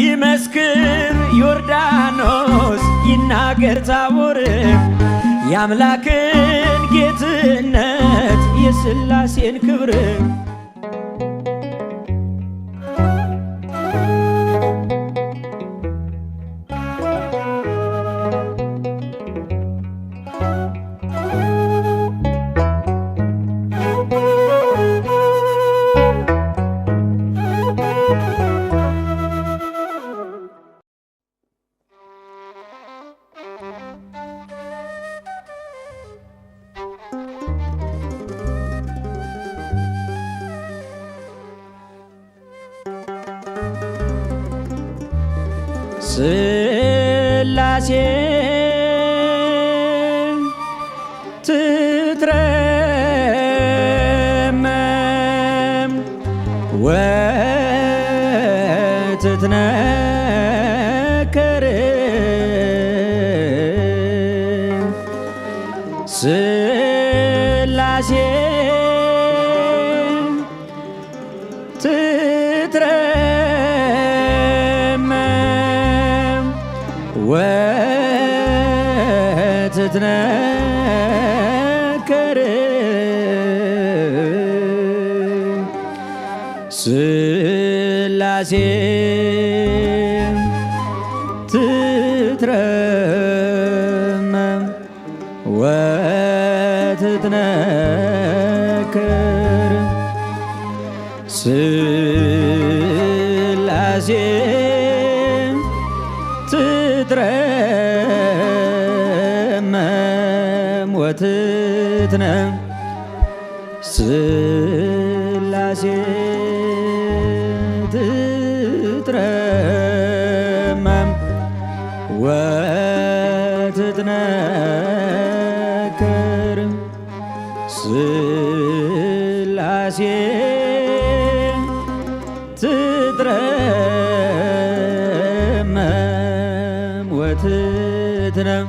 ይመስክር ዮርዳኖስ ይናገር ታቦር የአምላክን ጌትነት የሥላሴን ክብር ስላሴ ትትረመም ወትትነከር ስላሴ አትነከር ስላሴ ትትረመም ወትትነክር ስላሴ ነ ስላሴ ትትረመም ወትትነክር ስላሴ ትትረመም ወትትነም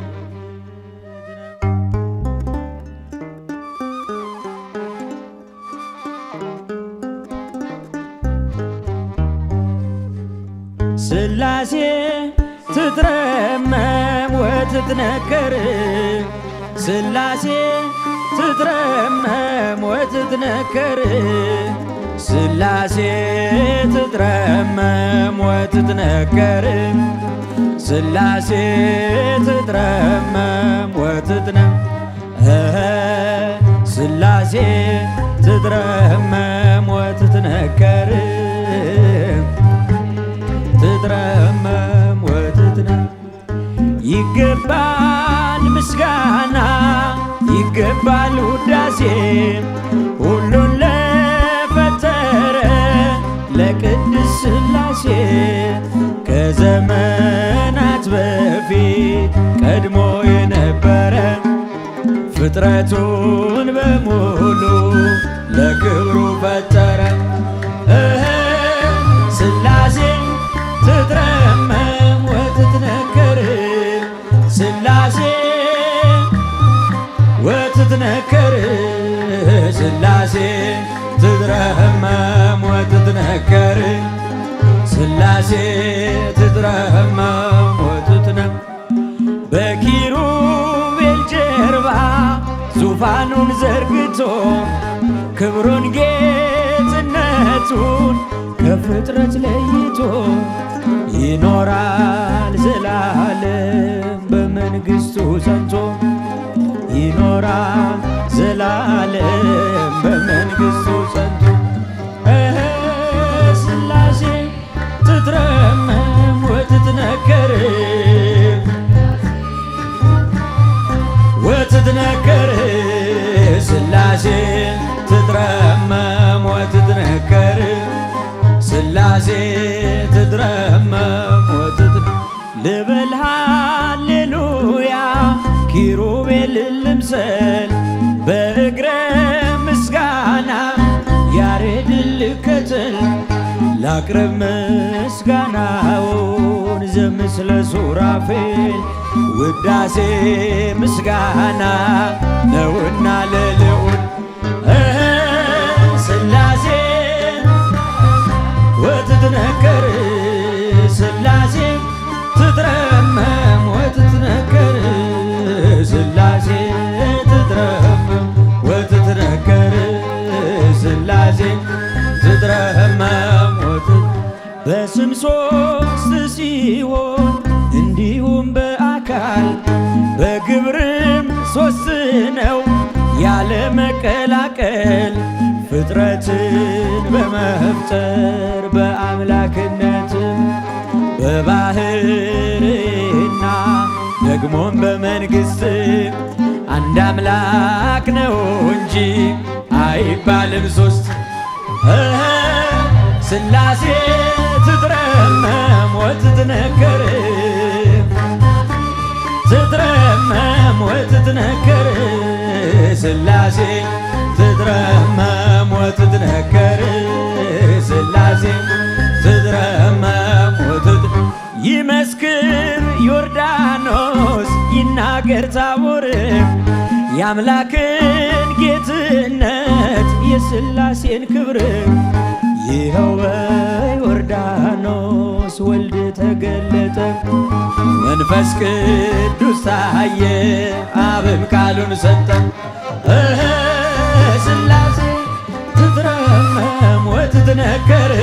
ነፍሴ ትትረመም ወትትነከር ስላሴ ትትረመም ወትትነከር ስላሴ ትትረመም ወትትነከር ስላሴ ትትረመም ወትትነ ስላሴ ትትረመም ሁሉን ለፈጠረ ለቅድስ ሥላሴ ከዘመናት በፊት ቀድሞ የነበረ ፍጥረቱን በሙሉ ለክብሩ ፈጠረ። ሥላሴ ትትረመም ወትትነከር ሥላሴ ወትትነከር ሥላሴ ትትረህመም ወትትነከር ሥላሴ ትትረህመም ወትትነ በኪሩቤል ጀርባ ዙፋኑን ዘርግቶ ክብሩን ጌጥነቱን ከፍጥረት ለይቶ ይኖራል ዘላለም በመንግሥቱ ጸንቶ ይኖራ ዘላለም በመንግሥቱ እግረ ምስጋና ያሬድ ልከትን ምስጋናውን ዘምስለ ሱራፌል ውዳሴ ምስጋና ነውና ለልው ሶስት ሲሆን እንዲሁም በአካል በግብርም ሶስት ነው ያለ መቀላቀል ፍጥረትን በመፍጠር በአምላክነትም በባህርና ደግሞም በመንግሥት አንድ አምላክ ነው እንጂ አይባልም ሶስት ስላሴ ትትረመም ወትትነከር ትትረመም ወትትነከር ስላሴ ትትረመም ወትትነከር ስላሴ ትትረመም ወትት ይመስክር ዮርዳኖስ ይናገር ታቦር የአምላክን ጌትነት የስላሴን ክብር ይኸው በዮርዳኖስ ወልድ ተገለጠ፣ መንፈስ ቅዱስ ታየ፣ አብም ቃሉን ሰጠ። ሥላሴ ትትረመም ወትትነገር